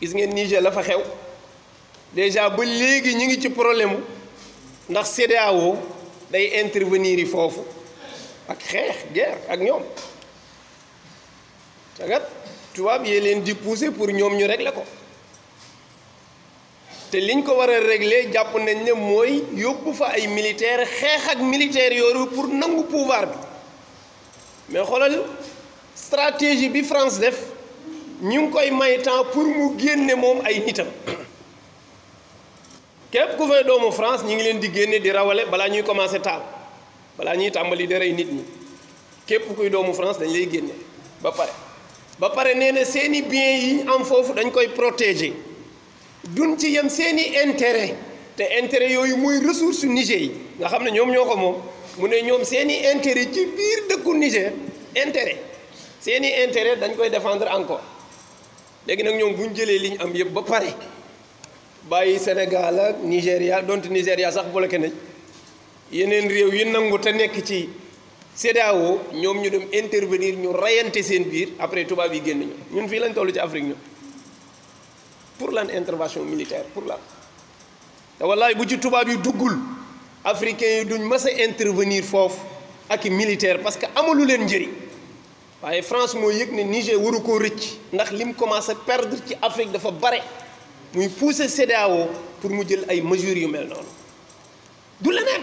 gis ngeen Niger la déjà ba léegi ñu ngi ci problème ndax cdao day intervenir yi ak guerre ak di pousser pour ñoom régler ko te liñ ko régler nañ ne fa ay militaire pour nangu pouvoir mais la stratégie bi France nous avons koy may temps pour mu France à ngi leen di génne di rawale bala ñuy commencé taal bala ñuy tàmbali nit France dañ lay génne ba pare ba pare nee na seeni bien yi am foofu dañ koy protéger duñ ci yem intérêt te intérêt yooyu mooy ressource Niger yi nga xam ne ñoom ñoo ko moom mu ne intérêt ci Niger intérêt intérêt dañ défendre encore léegi nag ñoom bu ñu jëlee li ñu am yëpp ba pare bàyyi senegal ak Nigéria donte Nigéria sax bloqué nañ yeneen réew yi nangu te nekk ci CEDEAO ñoom ñu dem intervenir ñu rayante seen biir après tubaab yi génn ñu ñun fii lañ tollu ci Afrique ñu pour lan intervention militaire pour lan te wallaay bu ci tubaab yi duggul africains yi duñ mës a intervenir foofu ak i militaire parce que amalu leen njëriñ. waaye France moo yëg ne Niger waru koo rëcc ndax lim commencé perdre ci Afrique dafa bare muy pousser CEDEAO pour mu jël ay mesures yu mel noonu du leneen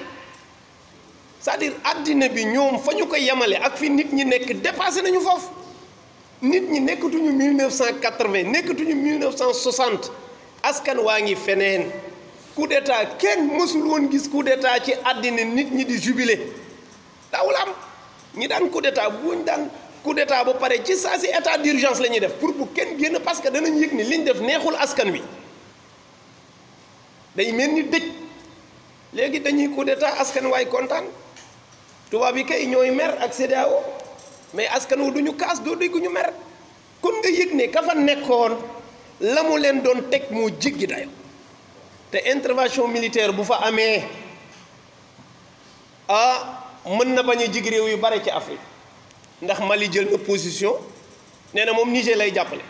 cest à àddina bi ñoom fa ñu ko yemale ak fi nit ñi nekk dépassé nañu foofu nit ñi nekkatuñu 1980 nekkatuñu 1960 askan waa ngi feneen coup d'état kenn mësul woon gis coup d'état ci àddina nit ñi di jubilé daawul am ñi daan coup d'état buñ daan. coup d'état ba pare ci saa si état d'urgence la ñuy def pour bu kenn génn parce que danañ yëg ni liñ def neexul askan wi day mel ni dëj léegi dañuy coup d'état askan waay kontaan tubaab yi kay ñooy mer ak CEDEAO mais askan wu duñu kaas doo dégguñu mer kon nga yëg ne ka fa nekkoon la mu leen doon teg moo jéggi dayo te intervention militaire bu fa amee ah mën na bañ a jig réew yu bare ci Afrique ndax Mali jël na position nee na moom Niger lay jàppale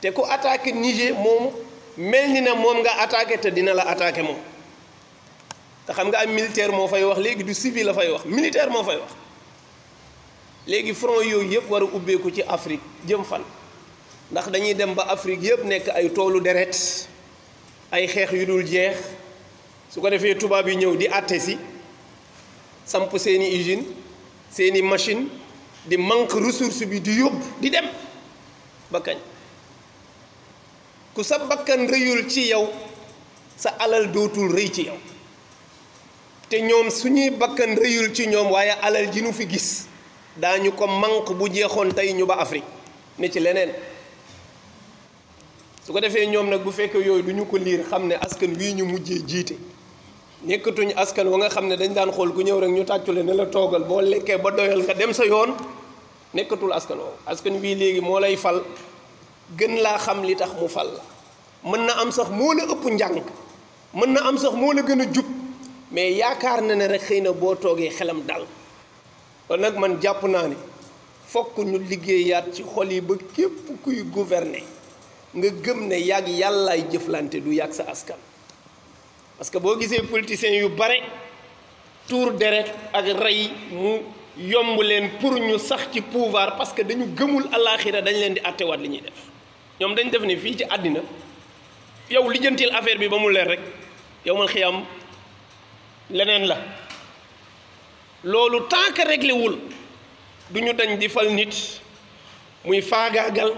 te ku attaqué Niger moom mel ni na moom nga attaqué te dina la attaqué moom te xam nga am militaire moo fay wax léegi du civil la fay wax militaire moo fay wax léegi front yooyu yëpp war a ubbeeku ci Afrique jëm fan ndax dañuy dem ba Afrique yëpp nekk ay toolu deret ay xeex yu dul jeex su ko defee tubaab yu ñëw di àtte si samp seeni usine seeni machine di manque ressource bi di yóbbu di dem ba kañ ku sa bakkan rëyul ci yow sa alal dootul rëy ci yow te ñoom suñuy bakkan rëyul ci ñoom waaye alal ji nu fi gis daañu ko manque bu jeexoon tey ñu ba Afrique ne ci leneen su ko defee ñoom nag bu fekkee yooyu du ñu ko liir xam ne askan wii ñu mujjee jiite nekkatuñu askan wa nga xam ne dañ daan xool ku ñëw rek ñu tàccule ne la toogal boo lekkee ba doyal nga dem sa yoon nekkatul askan woowu askan wii léegi moo lay fal gën laa xam li tax mu fal la mën na am sax moo la ëpp njàng mën na am sax moo la gën a jub mais yaakaar na ne rek xëy na boo toogee xelam dal kon nag man jàpp naa ne fokk ñu liggéeyaat ci xol yi ba képp kuy gouverner nga gëm ne yàgg yàllaay jëflante du yàgg sa askan parce que boo gisee politiciens yu bare tuur deret ak rey mu yomb leen pour ñu sax ci pouvoir parce que dañu gëmul alaaxira dañ leen di àttewaat li ñuy def ñoom dañ def ni fii ci àddina yow lijjantil affaire bi ba mu leer rek yow mal xiyam leneen la loolu tant reglewul réglé du ñu dañ di fal nit muy faagaagal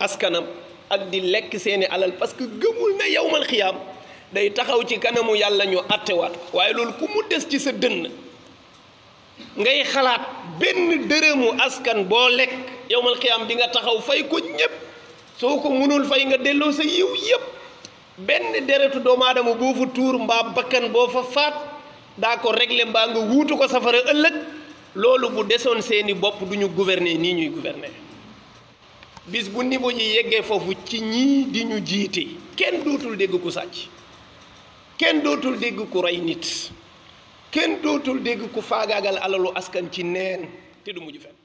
askanam ak di lekk seeni alal parce que gëmul na yow mal day taxaw ci kanamu yàlla ñu àttewaat waaye loolu ku mu des ci sa dënn ngay xalaat benn dërëmu askan boo lekk yowmal xiyaam dinga taxaw fay ko ñépp soo ko mënul fay nga delloo sa yiw yépp benn deretu doomu aadama boo fa tuur mbaa bakkan boo fa faat daa ko régler mbaa nga wuutu ko safara ëllëg loolu bu desoon seeni bopp du ñu gouverner nii ñuy gouverner bis bu niveau yi yeggee foofu ci ñii di ñu jiite kenn dootul dégg ku sàcc kenn dootul dégg ku rey nit kenn dootul dégg ku faagaagal alalu askan ci neen te du mujj fenn